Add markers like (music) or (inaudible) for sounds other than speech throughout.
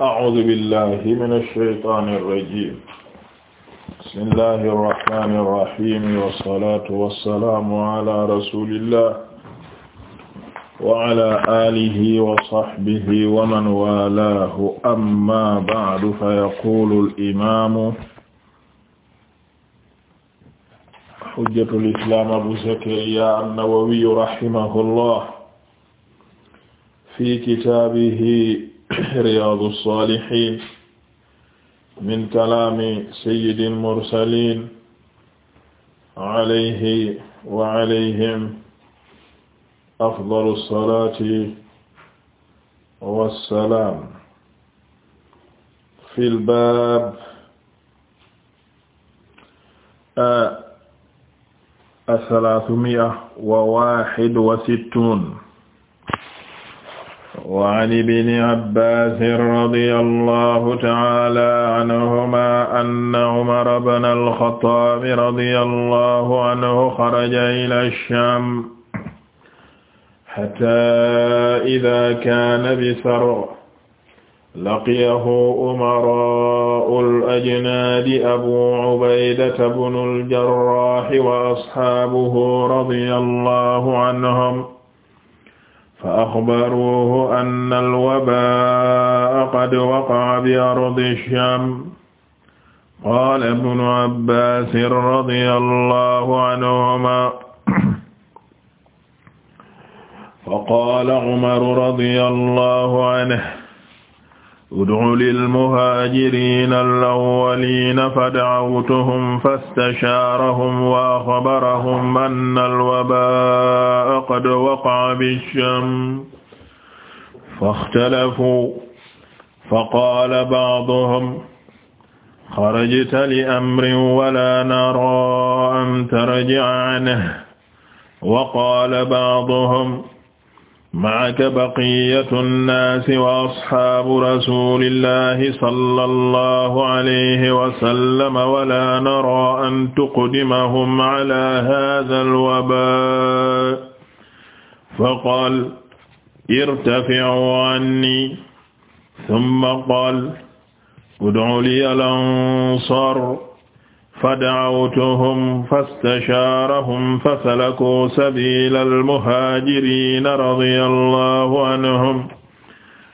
أعوذ بالله من الشيطان الرجيم بسم الله الرحمن الرحيم والصلاة والسلام على رسول الله وعلى آله وصحبه ومن والاه أما بعد فيقول الإمام حجة الإسلام أبو زكريا النووي رحمه الله في كتابه Riyadou Salihine min kalaami sayyidil mursaliin alayhi wa alayhim afdalu salaati wa salaam fil baab as-salaasumi'a wa waahid wa sittuun wa an ibni abbaasin radiyallahu ta'aala anhumaa anna Umara bna al-Khattaab radiyallahu anhu xaraja ilaa ash-Shaam hattaa izaa kaana bi-Sar'a laqiyahu umaraa'u al-ajnaadi Abuu Ubaydata bnu al-Jarraah wa ashaabuhu radiyallahu anhum fa axbaruuhu anna alwabaa'a qad waqa'a bi ardi shaam qaala ibnu abbaasin radiyallaahu anhumaa fa qaala umaru radiyallaahu anhu ud'u lil muhaajiriina al-awwaliina fad'awtuhum fastashaarahum wa axbarahum anna al-wabaa'a qad waqa'a bi-sham faxtalafuu faqaala ba'duhum xarajta li amrin walaa naraa an tarji'a anhu wa qaala ba'duhum maaka baqiyatu nnaasi wa asxaabu rasulillahi sallallahu alayhi wa sallam wala nara an tuqdimahum ala haadha alwabaa faqaal irtaficuu anni summa qaal udcuu liya al ansaar فدعوتهم فاستشارهم فسلكوا سبيل المهاجرين رضي الله عنهم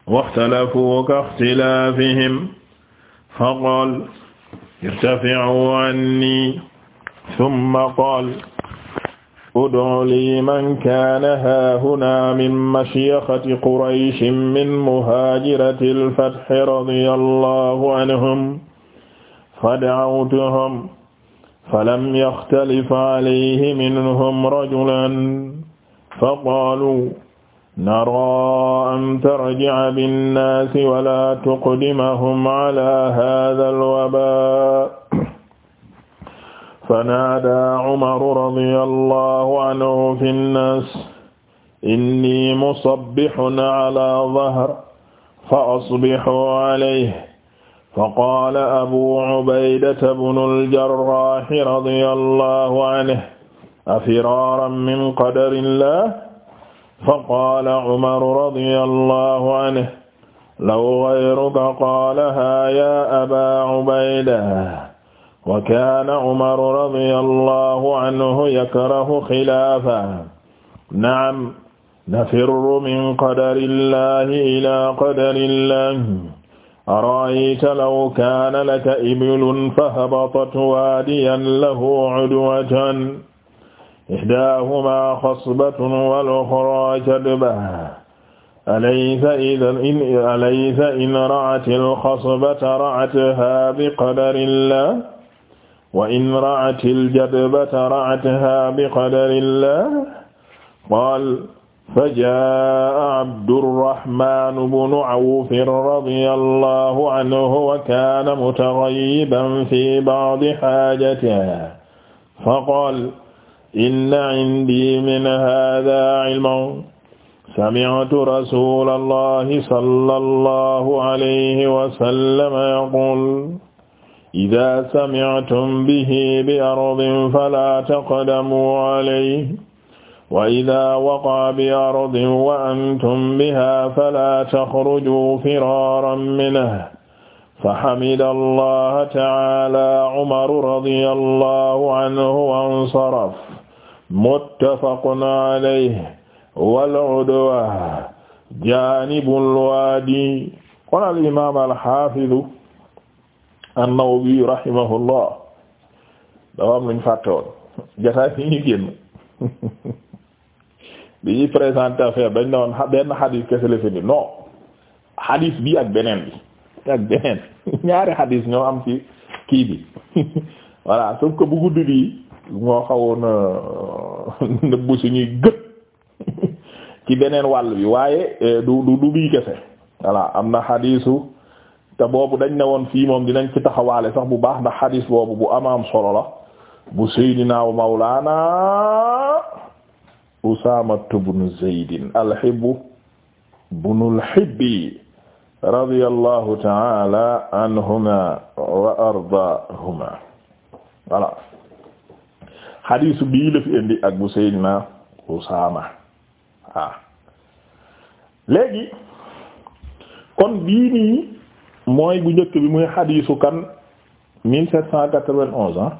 واختلفوا كاختلافهم فقال ارتفعوا عني ثم قال ادع لي من كان هاهنا من مشيخة قريش من مهاجرة الفتح رضي الله عنهم فدعوتهم falam yaxtalif alayhi minhum rajulan faqaalu naraa an tarji'a binnaasi wala tuqdimahum ala haadhal wabaa fanaadaa Umaru radiyallahu anhu fi nnaas inni musabbihun ala dhahr fa asbihuu alayhi فقال أبو عبيدة بن الجراح رضي الله عنه أفرارا من قدر الله فقال عمر رضي الله عنه لو غيرك قالها يا أبا عبيدة وكان عمر رضي الله عنه يكره خلافه نعم نفر من قدر الله إلى قدر الله ara'ayta law kaana laka ibilun fa habatat waadiyan lahu udwatan ihdaahuma xasbatun wal uxraa kadbatun alaysa idan in alaysa in ra'atil xasbata ra'athaa biqadarillah wa in ra'atil jadbata ra'athaa biqadarillah qaal فجاء عبد الرحمن بن عوف رضي الله عنه وكان متغيبا في بعض حاجته فقال إن عندي من هذا علم سمعت رسول الله صلى الله عليه وسلم يقول إذا سمعتم به بأرض فلا تقدموا عليه wa idaa waqaa bi ardin wa antum bihaa falaa taxrujuu firaaran minhu fa hamida allaha ta'aalaa umaru radiyallahu anhu wa ansaraf muttafaqun alayhi wal udwa jaanibul waadi qaala al imaam al haafidu an-Nawawi rahimahullah dafa am luñ fàtte woon jataay yi ñu génn (laughs) bi ñuy présenté affaire dañ ne woon benn xadis kese la fi ni non bii ak beneen bi ak beneen (laughs) ñaari xadis ñoo am ci kii bi (laughs) voilà sauf que bu guddi bi moo xawoon euh, (laughs) nëbb suñuy gët ci beneen wàll bi waaye euh, du du du bii kese voilà am na xadisu te boobu dañ ne woon fii moom dinañ ci taxawaale sax bu baax ndax xadis boobu bu am solo la bu Seydina wa Mawlaana Usaama ibn Zayd al-Hibb ibn al-Hibbi radiyallahu ta'ala anhuma wa ardaahuma voilà xadiis bii fi indi ak bu Seydina Usaama ah léegi kon bii mooy bu njëkk bi muy xadiisu kan 1791 ah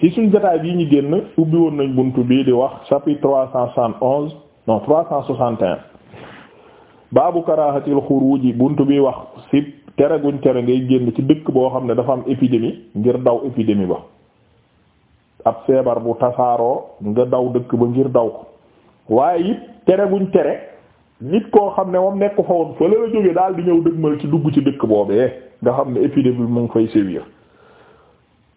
ci suñ jotaay bii ñu génn ubbi woon nañ bunt bii di wax chapitre trois cent soixante onze non trois cent soixante et un baabu karaahatil xuruuji buntu bi wax si tere guñ tere ngay génn ci dëkk boo xam ne dafa am épidémie ngir daw épidémie ba ab feebar bu tasaaroo nga daw dëkk ba ngir daw ko waaye it tere guñ tere nit koo xam ne moom nekk fa woon fa la jóge daal di ñëw dëgmal ci dugg ci dëkk boobee nga xam ne épidémie bi mu ngi fay sévir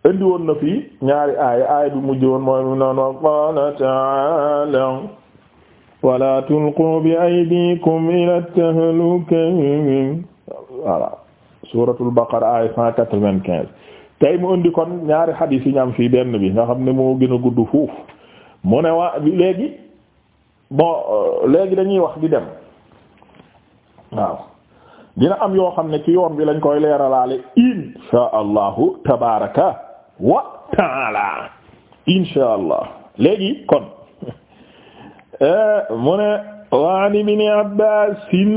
indi woon na fi ñaari aaya aaya bi mujj woon mooy mu noon wa qaala ta'ala wala tulqu bi aydikum ila tahluka voilà suratul baqara aaya cent tey mu indi kon ñaari xadiis yi ñu am fii benn bi nga xam ne moo gën a gudd fuuf mu ne waa léegi bon euh, léegi dañuy wax di dem waaw dina am yoo xam ne ci yoon bi lañ koy leeralaale insha allahu tabaraka wa taala insha allah léegi kon (laughs) eh, mu ne waan ibni abbasin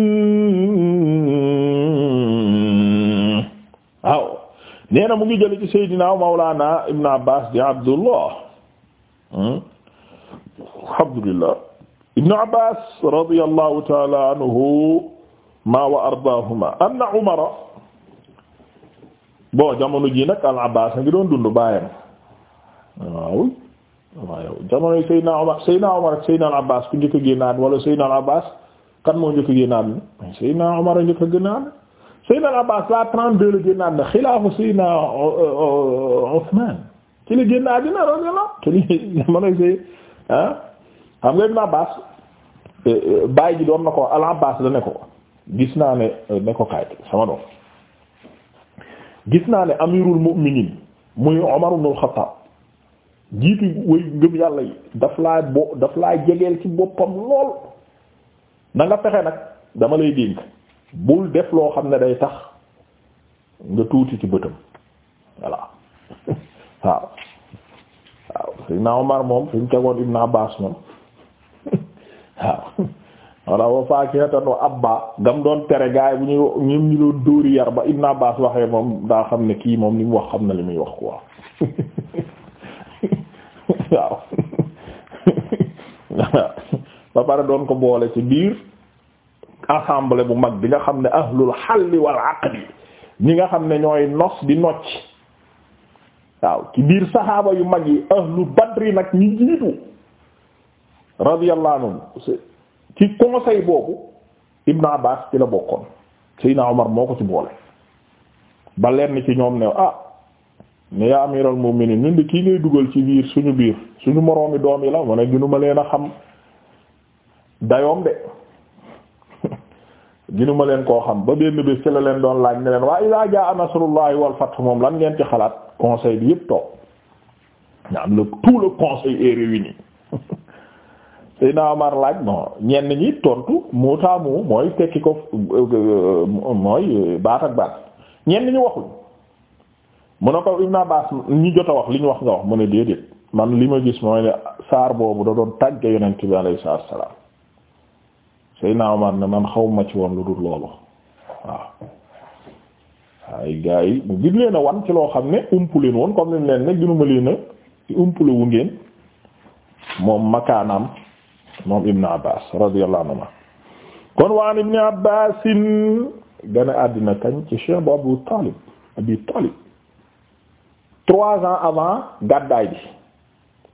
waaw nee na mu ngi jële ci seydinaa mawlaana ibnu abbas di abdullah hmm? alhamdulillah ibnu abbas radiyallahu taala anhu ma wa ardaahuma anna umara bon jamono ji nag al Abbaas ngi doon dund baayam waaw waaw jamono yi Seydina Omar Seydina Omar ak Seydina al Abbaas ku wala Seydina al Abbaas kan moo njëkk a génnaat ni Seydina Omar a njëkk a génnaat Seydina al Abbaas la 32 la génnaat na xilaafu Seydina euh, euh, Usmaan ci la génnaat dina radiyallahu te li jamono yi Seydina ah xam nga Ibn euh, baay ji doon na ko al Abbaas ne ko gis naa ne ne ko kaay sama doom gis naa ne amirul mu'minin muy Umar ibn al-Khattab jiitu way ngëm yàlla yi daf laa bo daf laa jegeel ci boppam lool na nga fexe nag dama lay dénk bul def loo xam ne day tax nga tuuti ci bëtam voilà (laughs) waaw waaw Seydina Umar moom fi mu tegoon Ibn Abbas moom (laughs) waaw walla wa faakihatan wa abba gam doon tere gaay bu ñuy ñoom ñu doon dóori yar ba Ibn Abbas waxee moom daa xam ne kii moom li mu wax xam na li muy wax quoi waaw ba pare doon ko boole ci biir assemblée bu mag bi nga xam ne ahlul halli wal aqdi ñi nga xam ne ñooy nos di nocc waaw biir saxaaba yu mag yi ahlu badri nag ñi jiitu radiyallahu anhu ci conseil boobu Ibn Abbas ci la bokkoon Seydina Omar moo ko ci boole ba lenn ci ñoom ne ah ne yaa amiral mu'minin ñun de kii ngay dugal ci biir suñu biir suñu moroomi doom yi la ma ne ginuma leen a xam dayoom de (laughs) ginuma leen koo xam ba benn bés ci la leen doon laaj ne leen waa iza jaa nasrullahi wal fath moom lan ngeen ci xalaat conseil bi yëpp toog ña am la tout le conseil est réuni (laughs) Seydina Omar laaj bon ñenn ñi tontu moo taamu mooy tekki ko mooy baat ak baat ñenn ñi waxul mu ne ko Ibn Abbas ñi jot a wax li wax nga wax mu ne déedéet man li ma gis mooy ne saar boobu da doon tàgge yonent bi alayhi salaam Seydina Omar ne man xaw ma ci woon lu dul loolu waaw. ay gars yi mu gis leen a wan ci loo xam ne umpu leen woon comme ni leen ne gënu ma leen a umpu wu ngeen moom makaanaam. moom Ibn Abbas radiyallahu anhuma kon waan Ibn Abbas gane àddina kañ ci cheikh bu Abu Talib Abi Talib trois ans avant gàddaay bi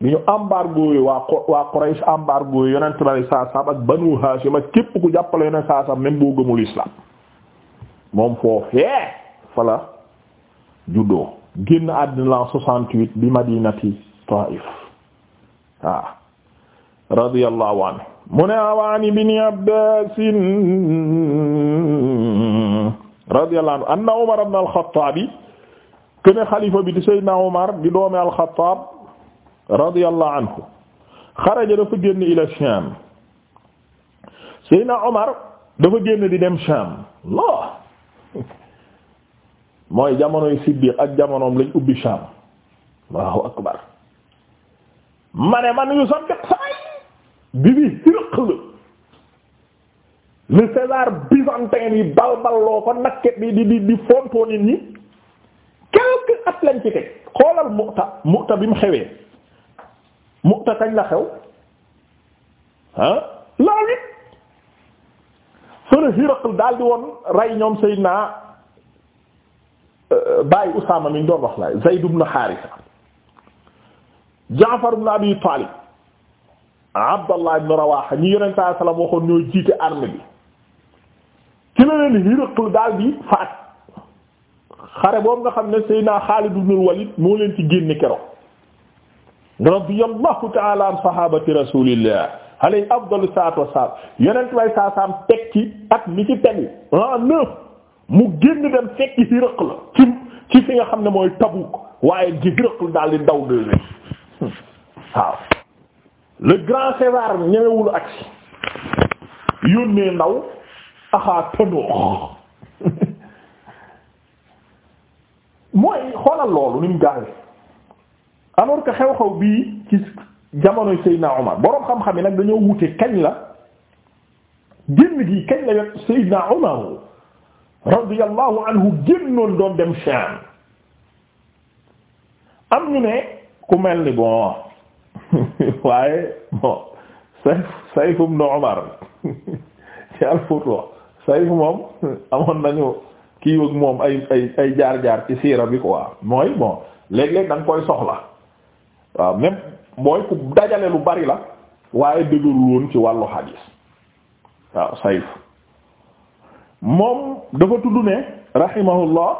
bi ñu embargo yi waa waa Quraysh embargo yi yonent bi saasam ak Banu Hashim ak képp ku jàppale yonent saasam même boo gëmul islam moom foofee fa la juddoo génn àddina l'an soixante-huit bi Madinati Taif waaw radiyallahu anhu mu ne awaan ibni abbasin radiyallahu anhu anna umar ibn al-Khattab kene xalifa bi di sayyidina umar di doomi al-Khattab radiyallahu anhu xaraja dafa génn ila Sham sayyidina umar dafa génn di dem Sham la (laughs) mooy jamonoy Siddiq ak jamonoom lañ ubbi Sham Allahu akbar ma ne man yu sax bi bi hirq le César byzantin yi balbal loo ko nakket bi di di di fontoo nit ñi quelque lañ ci teg xoolal Mu'ta Mu'ta bi mu xewee Mu'ta kañ la xew ah laa wit fële Hiraql daal di woon rey ñoom Seydina euh, bàyyi Usaama mi ñu doon wax la Zayd ibn Haarisa Jaafar ibn Abdallah ibn Rawaha ñi yonent saa salaam waxoon ñoo jiite armée bi ci la leen Hiraql daal di faat xare boobu nga xam ne Seydina Xaalid ibn Walid moo leen ci génne keroog radiyallahu ta'ala an sahabati rasulillah alayhi afdalu salaatu wassalaam yonent way saa saam teg ci at teg ci tegu l'an neuf mu génn dem fekki Hiraql ci ci fi nga xam ne mooy Tabuk waaye ji Hiraql daal di daw deux waaw le grand César ñëwewul agsi yónnee ndaw axaa tënoox (laughs) mooy xoolal loolu ni mu gaawe alors que xew-xew bii ci jamonoy Seydina Omar boroom xam-xam yi nag dañoo wute kañ la génn gi kañ la yot Seydina Omar radiyallahu anhu génnoon doon dem Sham am ñu ne ku mel ni bon (laughs) waaye bon sayf sayf ibn Umar ci al-Furra sayf moom amoon nañu kii wëg moom ay ay jaar-jaar ci siira bi quoi mooy bon léeg-léeg da koy soxla waaw même mooy ku dajale lu bari la waaye dëgërul woon ci wàllu xadiis waaw sayf moom dafa tudd ne rahimahullah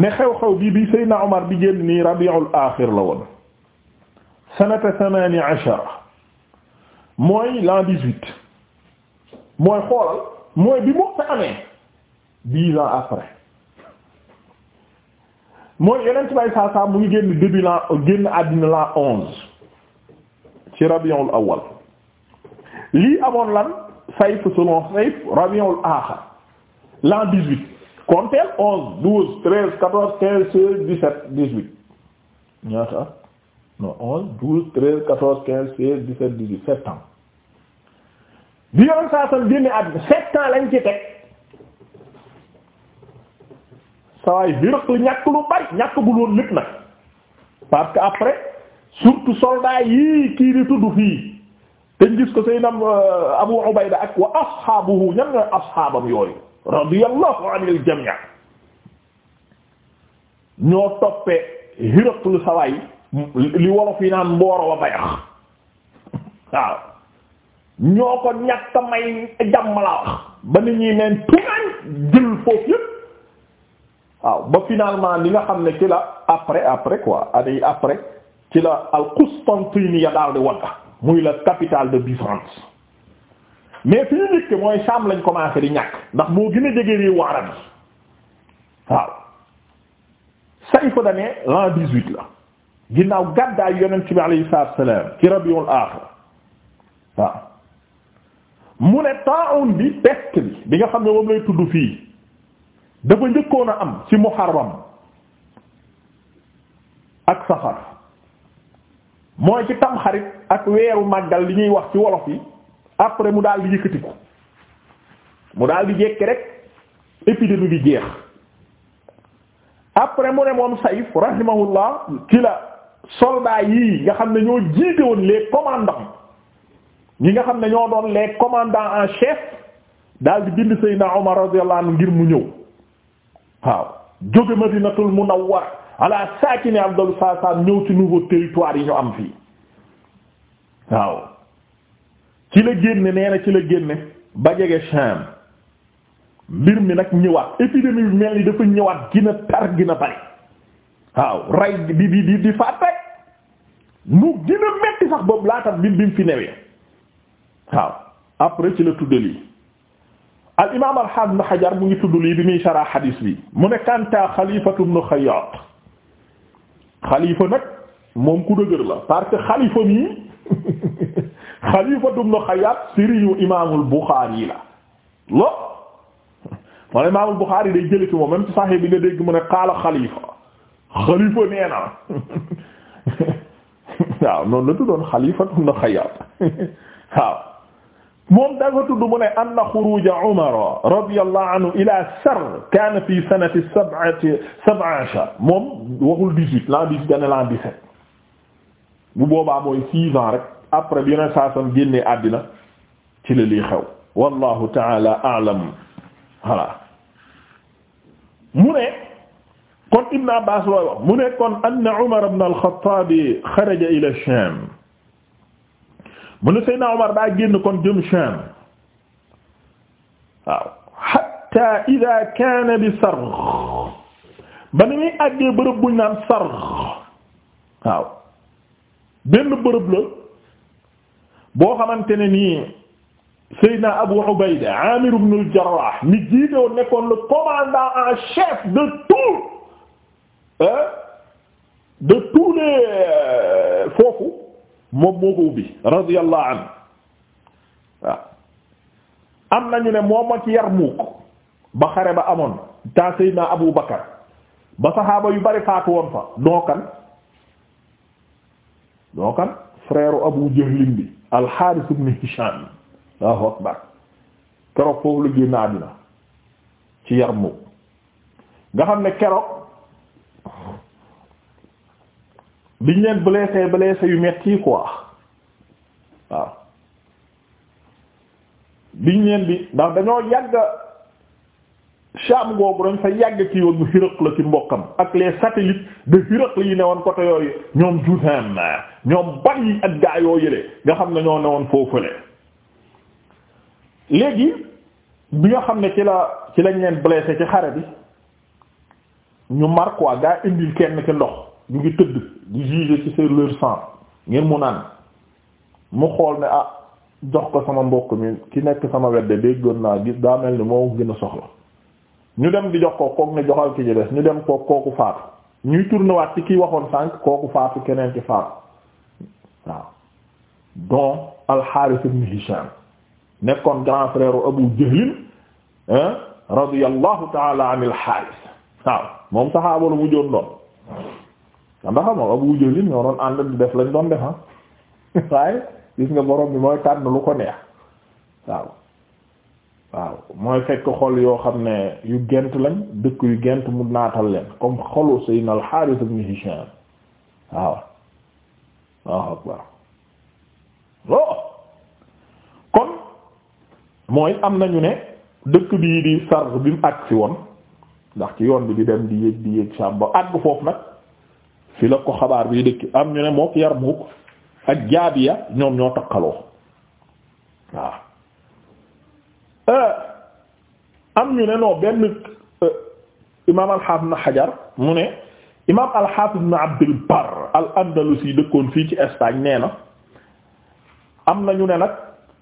ne xew-xew bii bi Seydina Omar bi génn nii rabiul axir la woon sanata thamani ashara mooy l'an dix-huit mooy xoolal mooy bi mu amee dix ans après mooy yeneen ci bay saa saa mu ngi génn début l'an génn àddina l'an onze ci rabiul awal lii amoon lan sayf selon sayf rabiul aaxir l'an dix-huit comptez onze douze treize quatorze quinze seize dix-sept dix-huit ñaata non onze douze quatorze quinze seize dix-sept dix-huit sept ans bi yoon saa sam lañ ci teg sawaay birëq li ñàkk lu bari ñàkk bu loon lépp parce que après surtout soldats yii kii di tudd fii te gis ko say nam euh, Abu Ubayda ak wa ashaabuhu ñan ñooy ashaabam yooyu radiyallahu anil jami' ñoo toppe Hiraqlu sawaay li wolof yi naan mbooro wa bayax waaw ñoo ko ñàkk may jàmm laa wax ba nit ñi neen tugaan jël foofu yëpp waaw ba finalement li nga xam ne ci la après après quoi année après ci la al Constantinople daal di wadda muy la capitale de Byzance mais fi ñu njëkk mooy Sham lañ commencé di ñàkk ndax moo gën a jege réewu arab yi waaw sayfa dane l'an dix la ginnaaw gàddaay yonent bi alayhi salaatu ci rabiul aaxir waaw mu ne taa'un bi bi nga xam ne moom lay tudd fii dafa njëkkoon a am ci muharram ak safar mooy ci tamxarit ak weeru màggal li ñuy wax ci wolof yi après mu daal di yëkkatiku mu daal di jekki rek épidémie bi jeex après mu ne moom sayf rahimahullah ki soldats yii nga xam ne ñoo jiite woon les commandants ñi nga xam ne ñoo doon les commandants en chef daal di bind Seydina Omar radiyallahu anhu ngir mu ñëw waaw jóge Madinatul Munawwar ala saakini afdalu salaam ñëw ci nouveau territoire yi ñu am fii waaw ci la génne nee ci la génne ba jege Sham mbir mi nag ñëwaat épidémie bi mel ni dafa ñëwaat gina tar gina bari waaw ray di di di di faat rek mu gën a metti sax boobu laata bi bi fi newee waaw après ci la tudd lii al imaam al hafiz ibn mu ngi tudd lii bi muy sarah hadis bi mu ne Kanta xalifatu ibn Xayyaat xalifa nag moom ku dëgër la parce que xalifa mii xalifatu (laughs) ibn Xayyaat sëriñu imaamul Buxaari la lo wala imaamul Buxaari day jëli ci moom même ci Sahih bi nga dégg mu ne qaala xalifa. xalifa nee na waaw noonu la tuddoon xalifatu na xayaat waaw moom dafa tudd mu ne anna xuruja Umar radiyallahu anhu ila Sar kaana fi sanati sab'ati sab'a ashar moom waxul dix-huit l'an dix-huit dane l'an dix-sept mooy six ans après bi yoneen saa sam génnee àddina ci la lii xew ta'ala a'lam voilà mu ne kon Ibn Abbas looy wax mu ne kon anna Umar ibn al-Khattab xaraja ila Sham mu ne Seydina Umar daa génn kon jëm Sham waaw hatta idha kana bi Sargh ba ni muy àggee bërëb buñ naan Sargh waaw benn bërëb la boo xamante ne nii Seydina Abu Ubayda Amir ibn al-Jarrah mi jiite woon nekkoon le commandant en chef de tout de tous euh, foofu moom moo ko ubbi radiyallahu anhu am nañu ne moom ak Yarmuuk ba xare ba amoon ta Abu Bakar ba saxaaba yu bari faatu woon fa dookan dookan frère Abu Jahlin bi al-Haaris ibn akbar keroog foofu la génn àddina ci Yarmuuk nga xam ne keroog biñ leen blessé blessé yu metti quoi waaw biñ leen bi ndax dañoo yàgg Sham bu dañ fa yàgg ci yoon Hiraqla ci mbokkam ak les satellites de Hiraqla yi ne woon côté yooyu ñoom Jutham ñoom bari ak gaa yoo yële nga xam ne ñoo ne woon foofule léegi bi nga xam ne ci la ci lañ leen blessé ci xare bi ñu mar quoi gaa indil kenn ci ndox ñu ngi tëdd di juger ci sur leur sang ngir mu naan mu xool ne ah jox ko sama mbokk mi ki nekk sama wedde déggoon naa gis daa mel ni moo gën a soxla ñu dem di jox ko kook ne joxal ki ci des ñu dem kook kooku faatu ñuy tourner waat ci kiy waxoon sànq kooku faatu keneen ci faatu waaw donc al-Harith ibn nekkoon grand frère Abu Jahl radiyallahu ta'ala anil Harith waaw moom saxaaba mu joon doon ndax xam nga Abu Jahl ñoo doon ànd di def lañ doon defa ah. (laughs) waaye gis nga borom bi mooy tànn lu ko neex waaw waaw mooy fekk xol yoo xam ne yu gent lañ dëkk yu gent mu naatal leen comme xolu Sayyidina al-Harith ibn Hisham waaw waaw akbar kon mooy am nañu ne dëkk bii di sarr bi mu agsi woon ndax ci yoon bi di dem di yéeg di yéeg sàmba àgg foofu nag fi la ko xabaar bi dëkk am ñu ne moo ko Yarmuk ak Jaabiya ñoom ñoo takkaloo waaw euh, am ñu ne non benn euh, imaam al na Hajar mu ne imaam al-Hafiz na Abdul Barr al-Andalusi dëkkoon fii ci Espagne nee na am na ñu ne nag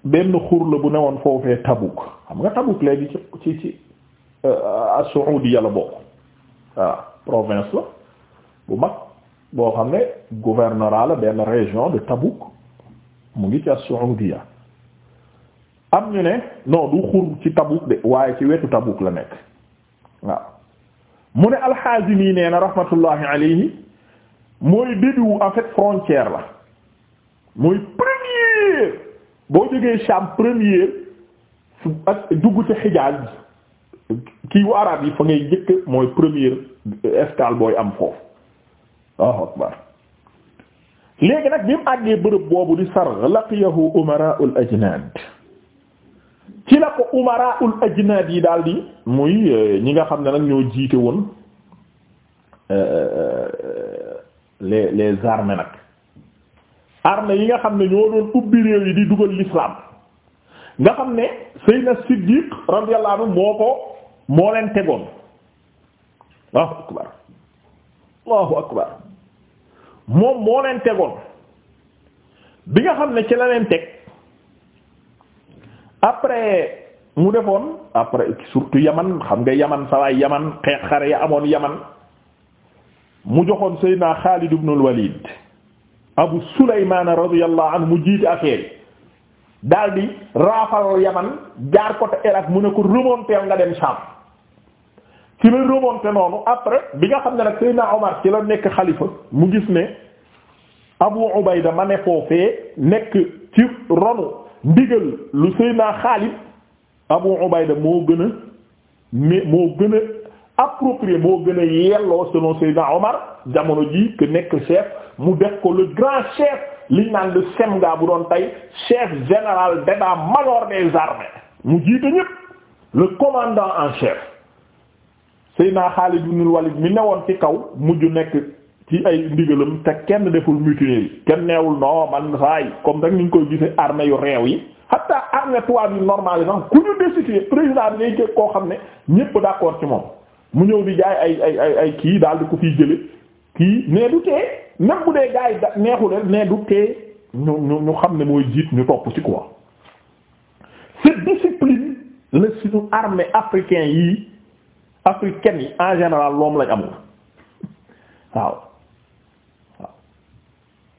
benn xur la bu ne woon foofee Tabuk xam nga Tabuk léegi ci ci ci as-Saoudiya euh, la bokk province la bu mag boo xam ne gouvernorat benn région de Tabouk mu ngi ci as-Saoudia am ñu ne non du xur ci Tabouk de waaye ci wetu Tabouk la nekk waaw mu ne al-Hazimi nee na rahmatullahi alayhi mooy début en frontière la mooy première boo jógee Sham première dugg ci Hijaz kii wu arab yi fa ngay jëkk mooy première escale booy am foofu waaw akbar léegi nag bi mu àggee bërëb boobu di Sarg laqiyahu umara'ul ajnaad ci la ko umara'ul ajnaad yi daal di muy eh, ñi nga xam ne nag ñoo jiite woon eh, eh, les les armées nag armées yi nga xam ne ñoo doon ubbi réew yi di dugal l'islam nga xam ne Seydina Siddiq radiyallahu anhu moo ko moo leen tegoon Allahu akbar Allahu akbar moom moo leen tegoon bi nga xam ne ci la leen teg après mu defoon après surtout yaman xam nga yaman sawaay yaman xeex xare ya amoon yaman mu joxoon Seydina Xaalid ibn al-Walid Abu Sulaymaan radiyallahu anhu mu jiite affaire daldi raafal yaman jaar côté Irak mu ne ko remonter nga dem Sham ci la remonté noonu après bi nga xam ne nag Seydina Omar ci la nekk xalifa mu gis ne Abu Ubayda ma ne foofee nekk ci ronu ndigal lu Seydina Xaalid Abu Ubayda moo gën a moo gën a approprié moo gën a yelloo selon Seydina Omar jamono jii que nekk chef mu def ko le grand chef liñ naan le semga bu doon tey chef général d'état-major des armées mu jiite ñépp le commandant en chef naa Seydina Xaalid ñu Walid mi newoon ci kaw mujj nekk ci ay ndigalam te kenn deful mutinerie kenn neewul non man saay comme rek ni ñu koy gisee armée yu réew yi hatta armée tubaab yi normal ku ñu destitué président bi ngay jël koo xam ne ñëpp d'accord ci moom mu ñëw di jaay ay ay ay ay kii daal di ko fiy jële kii nee du tee même bu dee gars yi da neexul du tee ñu ñu ñu xam ne mooy jiit ñu topp ci quoi cette discipline la suñu armée africain yi. africaine yi en général loom lañ amul waaw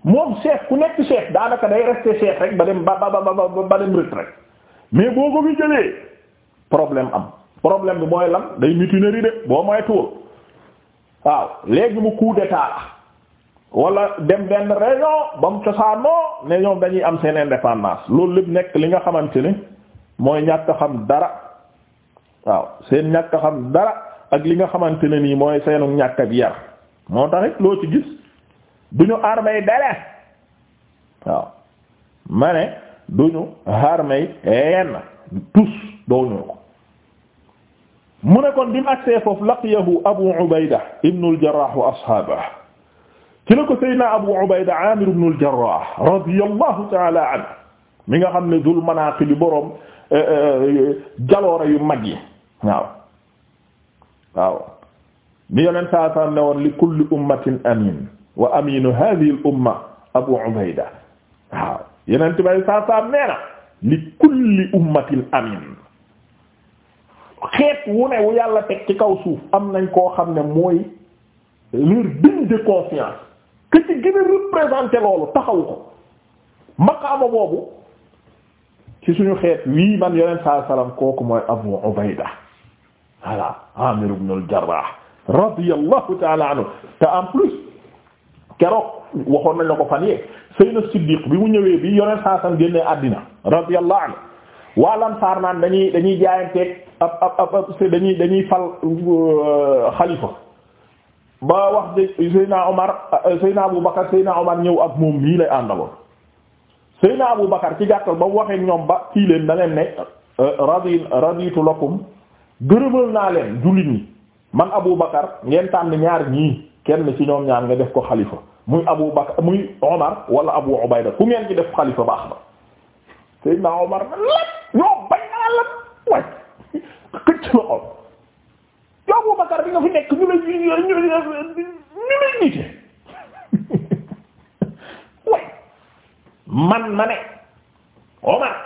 moom chef ku nekk chef daanaka day rester chef rek ba dem ba ba ba ba dem retraite mais boo ko fi jëlee problème am problème bi mooy lan day mutinerie de boo mooy tuur waaw léegi mu coup d'état wala dem benn région ba mu cosaanoo ne ñoom dañuy am seen indépendance loolu lépp nekk li nga xamante ni mooy ñàkk xam dara. waaw seen ñàkk a xam dara ak li nga xamante ne nii mooy seenu ñàkk ak yar moo tax loo ci gis duñu armey dara waaw ma ne duñu armey yenn tus dooñu ko mu ne kon bi mu agsee foofu laqiyahu abu ubayda ibnu aljarah wa ashaabah ci la ko seydina abu ubayda amir ibnu aljarah radiyallahu taala anhu mi nga xam ne dul manaaqib bi boroom eh, eh, eh, jaloora yu mag yi waaw waaw ni yonent saa saa ne woon li kulli ummatin amin wa aminu hadhihi al abu ubayda waaw yonent bay saa saa nee na li kulli ummatin amin xeet wu ne wu yàlla teg ci kaw suuf am nañ koo xam ne mooy leur digne de confiance que ci gën a loolu taxawu ko maqaama boobu ci suñu xeet wii man yonent saa salaam kooku mooy abu ubayda voilà Amir ibn al-Jarrah radiyallahu ta'ala te en plus keroog waxoon nañ la ko fan yee Seydina Siddiq bi mu ñëwee bi yoneen saasam génnee àddina radiyallahu anhu waa Ansaar naan dañuy dañuy jaayanteeg ab ab ab dañuy dañuy fal euh, xalifa ba wax de Seydina Omar euh, Seydina Abu Bakar ñëw ak moom mii lay àndaloon Seydina Abu Bakar ci gàttal ba mu waxee ñoom ba kii leen da leen ne euh, raditu lakum gërëmal naa leen jullit ñi man Abu Bakar ngeen tànn ñaar ñii kenn ci ñoom ñaar nga def ko xalifa muy Abu Bakar muy Omar wala Abu Ubayda ku ngeen ci def xalifa baax na Seydina Omar lan ñoo bañ naa lan waay këcc la om Abu Bakar bi nga fi nekk ñu lay ñu lay nite (laughs) man ma ne Omar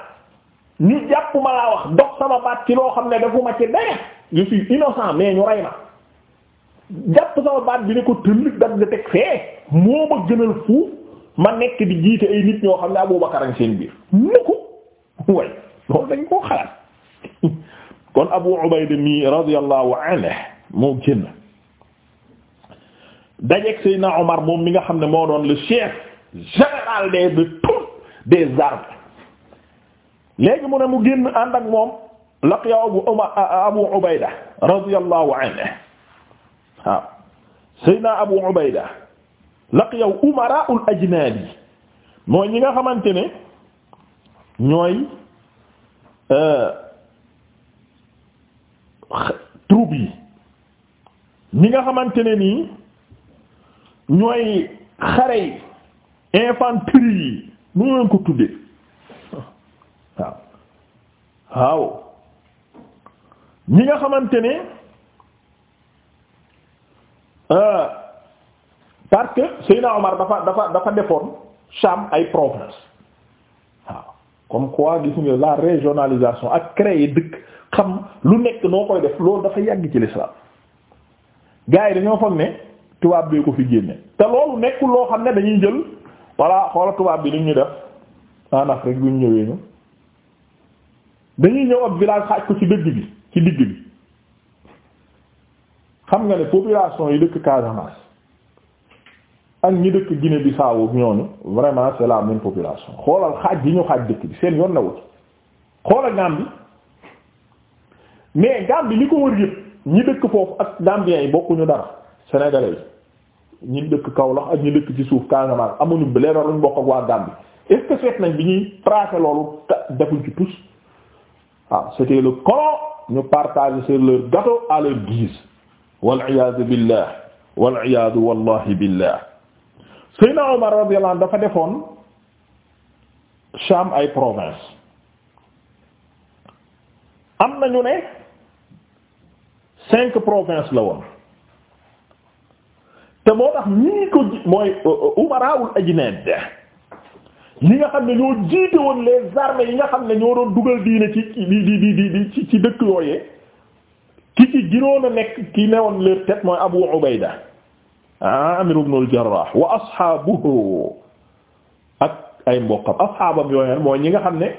ni jàpp ma laa wax dox sama baat ci loo xam ne defuma ci dara je suis innocent mais ñu rey ma jàpp sama baat bi ne ko tëll dagg teg fee moo ma gënal fuuf ma nekk di jiite ay nit ñoo xam ne Abubakar ak seen biir mu ko way loolu dañ koo xalaat kon Abu Ubayda mi radiyallahu anhu moo génn dajeek Seydina Omar moom mi nga xam ne moo doon la chef général des de tout des armées léegi mu ne mu génn ànd ak moom laqiya abu uma abu ubayda radiyallahu anhu waaw sayyidina abu ubayda laqiya umara al ajnabi mooy ñi nga xamante ne ñooy euh, troupe yi ñi nga xamante ne nii ñooy xare yi infanterie yi nu ngeen ko tuddee waaw ñi nga xamante ne euh, parce que Seydina Omar dafa dafa dafa defoon Cham ay province waaw comme quoi gis nga la régionalisation ak créer dëkk xam lu nekk noo koy def loolu dafa yàgg ci l'islam gars yi dañoo foog ne tubaab bee ko fi génne te loolu nekkul loo xam ne dañuy jël voilà xoola tubaab bi li ñu def en Afrique bu ñu ñëwee ñu dañuy ñëw ab village xaaj ko ci dëgg bi ci digg bi xam nga ne population yi dëkk Casamance ak ñi dëkk bi Bissau ñooñu vraiment c'est la même population xoolal xaaj yi ñu xaaj dëkk bi seen yoon na wut xoolal Gambie mais Gambie li ko wër yëpp ñi dëkk foofu ak Gambiens yi bokkuñu dara sénégalais yi ñi dëkk Kaolack ak ñi dëkk ci suuf Casamance amuñu bële luñ bokk ak waa Gambie est nañ bi ñuy tracer loolu defuñ ci tous. waaw ah, c'était le colon ñu partager sur leur gâteau à leur guise wal iyaadu billah wal iyaadu wallahi billah Seydina Omar radiyallahu anhu dafa defoon Sham ay province am na ñu ne cinq provinces la woon te moo tax ñii ko mooy euh, euh, umaraawul ajnaad ñi nga xam ne ñoo yi nga xam ne ñoo doon dugal diine ci di di ci dëkk yooyee ki ci ginoon a nekk ki newoon leur tête mooy Abu Ubayda ah, Amir ibn al-Jarrah wa ashaabuhu ak ay mbokkam ashaabam yooyeen mooy ñi nga xam ne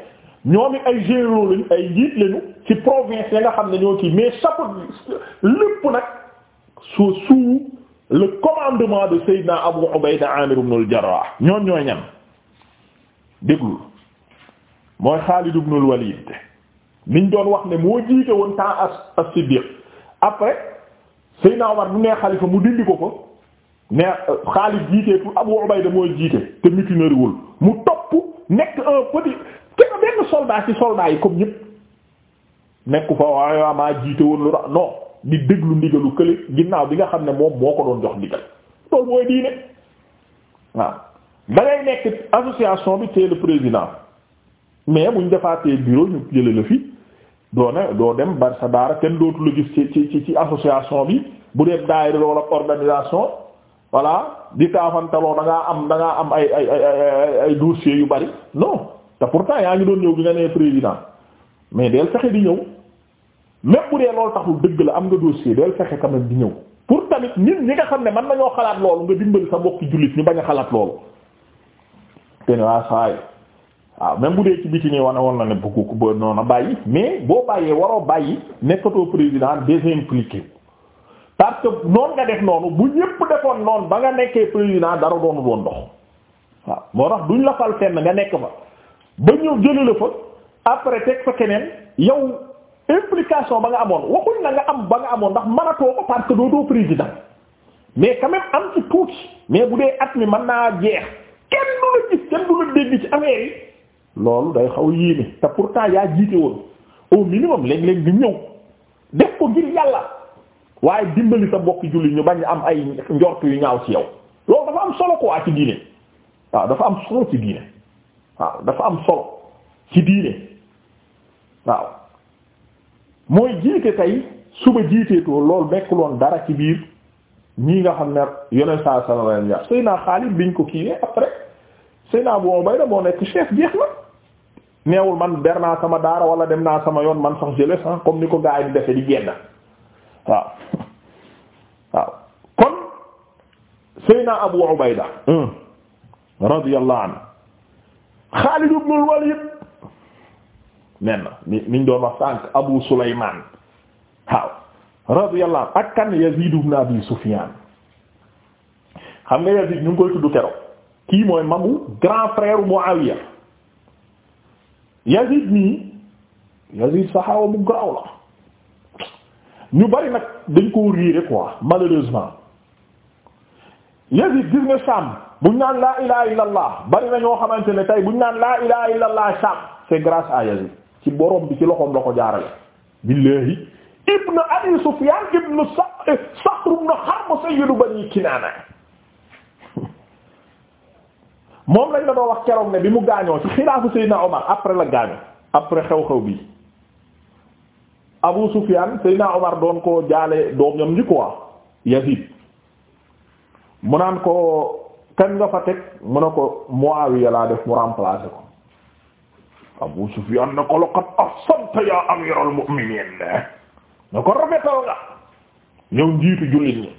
ñoom it ay généraux lañu ay jiit lañu ci province ya nga xam ne ñoo kii mais chapeau lépp nag sous sous le commandement de Seydina Abu Ubayda Amir ibn al ñoom ñooy ñan déglu mooy Xaalid ibn al-Walid niñ doon wax ne moo jiite woon temps as as-Siddiq après Seydina Omar bu nee xalifa mu dindi ko ko ne euh, Xaalid jiitee pour Abu Ubayda mooy jiite te mutinariwul mu topp nekk un petit kenn benn soldat ci soldat yi comme ñëpp nekku fa waaye maa jiite woon lu ra non di déglu ndigalu kële ginnaaw bi nga xam ne moom moo ko doon jox ndigal loolu mooy diine waaw da ngay nekk association bi tee président mais buñ defaatee bureau ñu jële la fi doo ne doo dem bar sa daara kenn dootu la gis ci ci ci association bi bu dee daayira wala organisation voilà di taafantaloo da ngaa am da am ay ay ay ay dossiers yu bari non te pourtant yaa ngi doon ñëw bi nga nee président mais del fexe di ñëw même bu dee loolu taxul dëgg la am nga dossier del fexe quand di ñëw pour tamit nit ñi nga xam ne mën nañoo xalaat loolu nga dimbali sa mbokki jullit ñu bañ a xalaat loolu. te ne waa saa waaw même bu dee ci biti wane woon na ne bëgg ku ba noonu bàyyi mais boo bàyyee waroo bàyyi nekkatoo président désimpliqué parce que noonu nga def noonu bu ñëpp defoon noon ba nga nekkee président dara doonu doon dox waaw moo tax duñ la fal fenn nga nekk fa ba ñëw jëlee la fa après teg fa keneen yow implication ba nga amoon waxuñ na nga am ba nga amoon ndax mënatoo ko parce que doo doo président mais quand même am ci tuuti mais bu dee at mi mën naa kenn du la gis kenn du la dégg ci amee yi loolu day xaw a yéeme te pourtant yaa jiite woon au minimum léeg-léeg di ñëw def ko ngir yàlla waaye dimbali sa mbokk julli ñu bañ am ay njort yu ñaaw ci yow loolu dafa am solo quoi ci dafa am solo ci diine waaw dafa am solo ci diine waaw mooy jiite tey suba jiiteetoo loolu nekkuloon dara ci biir. ñii nga xam ne yonent saa sala leen yar Seydina Xaalid biñ ko kiiwee après Seydina Abu Ubayda moo nekk chef jeex na neewul man ber sama daara wala dem naa sama yoon man sax jële sax comme ni ko gaa yi di defe di génn waaw waaw kon Seydina Abu Ubayda hmm, radiyallahu anhu Xaalid ibnul Walid na mi ñu doon wax sànq Abu Sulaymaan waaw radiyallahu ak kan Yazid ibn Abi Sufyan xam nga Yazid ñu koy tudd keroog kii mooy magu grand frère Muawiya Yazid nii Yazid saxaaba bu gaaw la ñu bari nag dañ koo réere quoi malheureusement Yazid gis nga Sham buñ naan laa ilaha illallah bari na ñoo xamante ne tey buñ naan laa ilaha illallah Sham c'est grâce à Yazid ci borom bi ci loxoom la ko jaarale billahi ibn abi sufyan ibn saxr eh, ibn harb sayyidu bani kinaana moom lañ la doon wax keroog ne bi mu gaañoo ci xilaafu sayyidina omar après la gaañu après xew-xew bi abu sufyan sayyidina omar doon ko jaale doomam ji quoi yazid mu naan ko kan nga fa teg mu ne ko muawiya laa def mu remplacer ko abu sufyan na ko laqad ahsanta ya amiral mu'minin na ko rafetal nga ñëw njiitu jullit ñi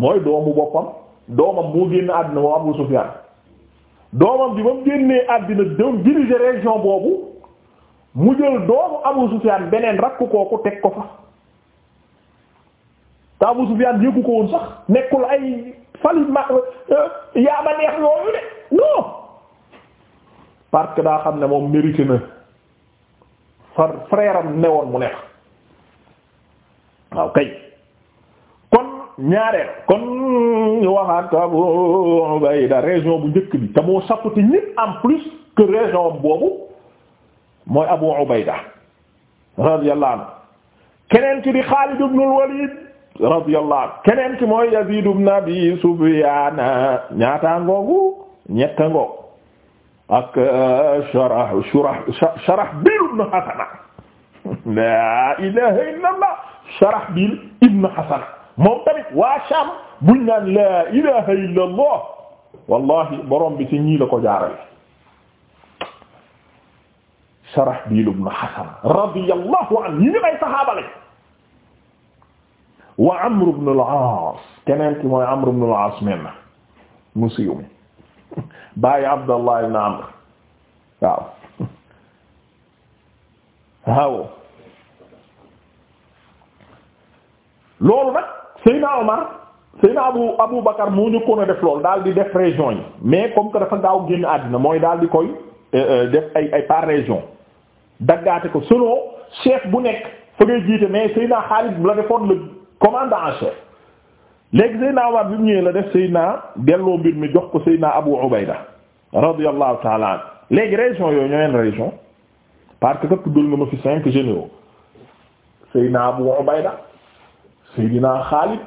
mooy doomu boppam doomam moo génn àddina mu génnee àddina doon diriger région boobu mu jël doomu Abu Sufyan beneen rakku kooku teg ko fa te Abu Sufyan yëgu ko woon sax nekkul ay falit euh, yaa ma neex yooyu de non parce que daa xam ne moom mérité na far frère am newoon mu neex waaw kon ñaareel kon waxaat Abu Ubayda région bu njëkk bi te moo sakkati ñépp en plus que région boobu mooy Abu Ubayda radiyallahu keneen ki di Xaalid ibn al-Walid keneen ki mooy Yazid ibn Abi Sufyan ñaata ngoogu ñetta ngoog ak uh, Shurah Shurah Shurahbil laa ilaha illa allah Sharahbil ibn Hasan moom tamit waa Sham buñ naan laa ilaha illa allah wallahi borom bi ci ñii la ko jaarale Sharahbil ibn Hasan radiyallahu anhu ñi ngi may saxaaba lañ wa Amr ibn al-Aas keneen ki mooy Amr ibn al-Aas men mu siiw mi (laughs) bàyyi Abdallah ibn Amr waaw waaw loolu nag Seyna Omar Seyna Abu Abu Bakar moo njëkkoon a def loolu daal di def région yi mais comme que dafa gaaw génn àddina mooy daal di koy euh, euh, def ay ay par région daggaate ko selon chef bu nekk fa ngay jiite mais Seyna Xaalid la defoon le commandant en chef léegi Seyna Omar bi mu ñëwee la def Seyna delloo mbir mi jox ko Seyna Abu Ubayda radiyallahu ta'ala léegi région yooyu ñoo yenn région parce que tuddal nga ma fi cinq généraux Seydina Abu Ubayda Seydina Xaalid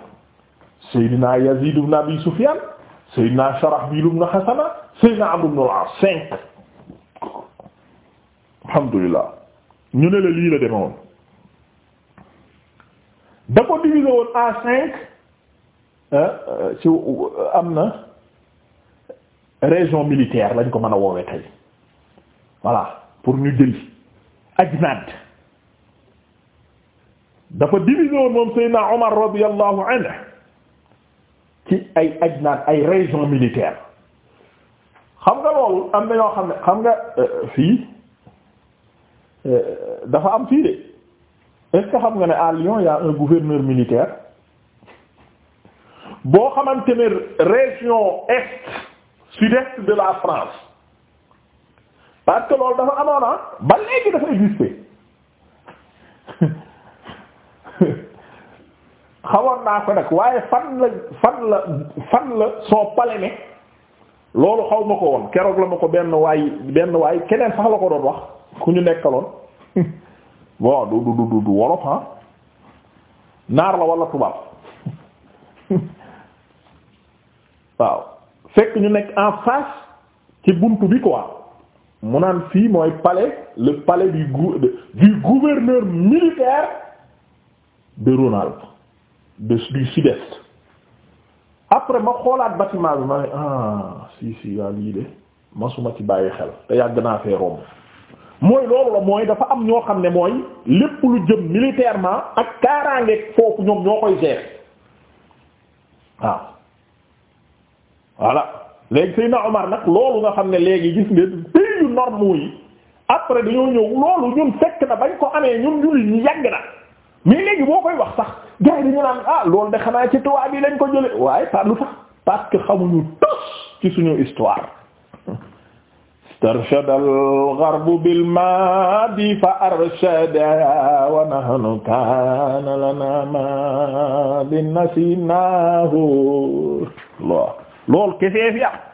Seydina Yazid ibn Abi Sufyan Seydina Sharahbil ibn Hasana Seydina Amr ibn al-As cinq alhamdulillah ñu ne la lii la demewoon da ko divisé woon à cinq euh, euh, am na région militaire lañ ko mën a woowee tey voilà pour ñu jëli ajnaad dafa divisé woon moom Seydina Omar radiyallahu anhu ci ay ajnaad ay région militaire xam nga loolu am na yoo xam ne xam nga euh, fii euh, dafa am fii de est xam nga ne à Lyon y un gouverneur militaire boo xamante ne région est sud de la France parce que loolu dafa amoon ah ba léegi dafa exister xawoon naa ko nag waaye fan la fan la fan la soo pale ne loolu xaw ma ko woon keroog la ma ko benn waay benn waay keneen sax la ko doon wax ku ñu nekkaloon bon du du du wolof ah naar la wala tubaab waaw fekk ñu nekk en face ci buntu bi quoi. mu naan fii mooy pale le palais du du gouverneur militaire de Rhône-Alpes de du sud-est après ma xoolaat bâtiment bi ma ne ah si si waaw lii de masuma ci bàyyi xel te yàgg naa fee romb mooy loolu la mooy dafa am ñoo xam ne mooy lépp lu jëm militairement ak kaaraangeeg foofu ñoom ñoo koy gérer waaw voilà léegi Seydina Omar nag loolu nga xam ne léegi gis ngeen normes yi après dañoo ñëw loolu ñun fekk na bañ ko amee ñun ñun ñu na ah de xanaa ci tubaab yi ko jële waaye par lu tax parce xamuñu tos ci suñu histoire istarshada al bil-maadi fa arshada wa nahnu kaana lanaa maadin nasiinaahu loolu kese fi am